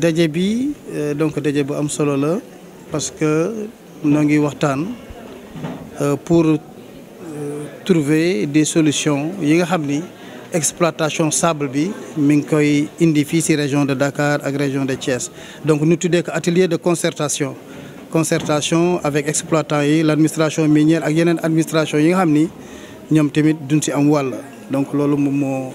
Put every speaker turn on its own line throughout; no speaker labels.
daje bi euh, donc daje bu am solo la parce que noo ngi waxtaan euh, pour euh, trouver des solutions yi nga xamni exploitation sable bi ming koy indi fi ci région de Dakar ak région de Thiès donc nous tudé ko atelier de concertation concertation avec exploitants et l'administration minière ak yenen administration yi nga xamni ñom tamit duñ ci am wal donc lolu mo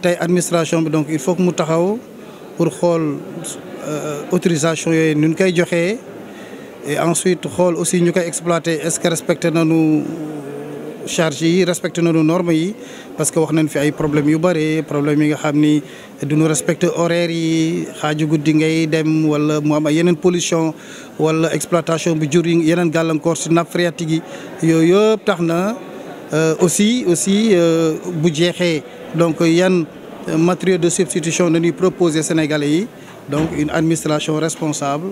tay administration bi donc il faut que mu taxaw pour xool euh, autorisation yoy nu kay joxé et ensuite xool aussi ñu kay exploité est-ce que respecter nañu charge yi respecter nañu normes yi parce que wax nañ fi ay problème yu bari problème yi nga xamni ni duñu respecté horaire yi xaju guddi ngay dem wala mu am ay yeneen pollution wala exploitation bi jur yenen yeneen gàllankoor si nappe phréatique yi yooyu yëpp tax euh, aussi aussi euh, bu jexé donc un matériaux de substitution nous proposer sénégalais donc une administration responsable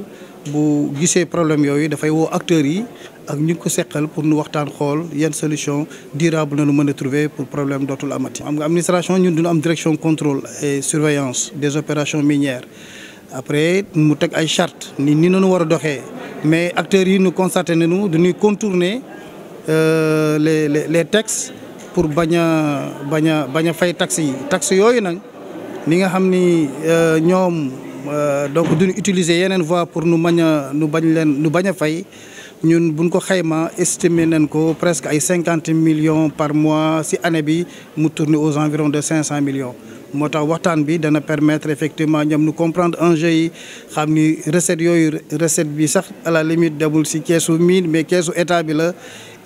pour guisser les problèmes dafay woo acteurs yi ak ñu ko seqal pour nu waxtaan a solution durable que trouver pour problème problèmes amati. am matière. administration ñun duñu am direction contrôle et surveillance des opérations minières après nous avons une charte ni ni nañu war Mais les mais acteurs nous ñu constaté nous contourner euh, les textes. pour bañ a bañ a bañ a fay taxes yi taxes yooyu nag ni nga xam ni euh, ñoom euh, donc duñu utiliser yeneen voie pour nu mañ a nu bañ leen nu bañ a fay ñun buñ ko xayma estimé nañ ko presque ay cinquante millions par mois si année bi mu tourner aux environs de cinq cent millions moo tax waxtaan bi dana permettre effectivement ñoom nu comprendre enjeu yi xam ni recette yooyu recette bi sax à la limite demul si keesu mine mais keesu état bi la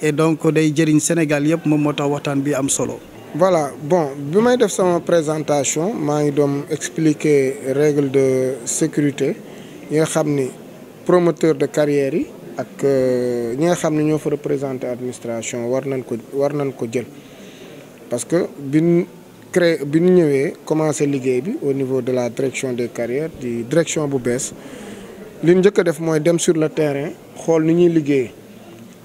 et donc day jëriñ Sénégal yëpp moom moo tax waxtaan bi am solo.
voilà bon bi may def sama présentation maa ngi doon expliquer règles de sécurité yi nga xam ni promoteur de carrière et ak euh, ñi nga xam ne ñoo fa représenter administration war nañ ko war nañ ko jël parce que nous avons créé biñ ñëwee commencé liggéey bi au niveau de la direction des carrières di direction bu bees li ñu njëkk a def mooy dem sur le terrain xool ni ñuy liggéey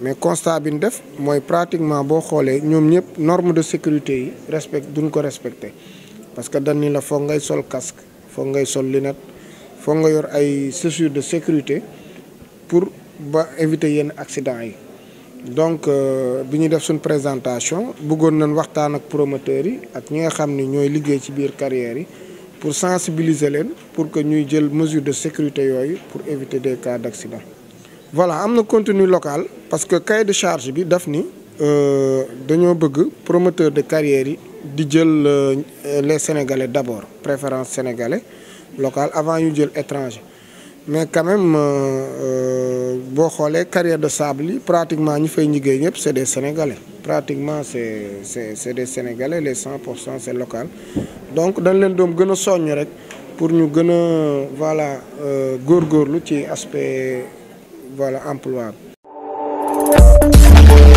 mais constat bi def pratiquement boo xoolee ñoom normes de sécurité ne respect duñ ko parce que dañ ni la foog ngay sol casque foog ngay sol lunette une nga de sécurité pour éviter un accident donc euh, bi ñu def présentation bëggoon nañ waxtaan ak promoteurs yi ak ñi nga xam ni liggéey carrière pour sensibiliser pour que ñuy des mesures de sécurité pour éviter des cas d'accident voilà a un contenu local parce que cahier de charge bi daf ni euh, dañoo bëgg promoteur de carrière yi di euh, les sénégalais d'abord, préférence sénégalais local avant les jël mais quand même euh, boo xoolee carrière de sable pratiquement nous fay liggéey ñëpp c'est des sénégalais pratiquement c'est des sénégalais les 100% c'est local donc dans leen doom gën a rek pour ñu gën a voilà góorgóorlu ci aspect voilà emploi Thank you.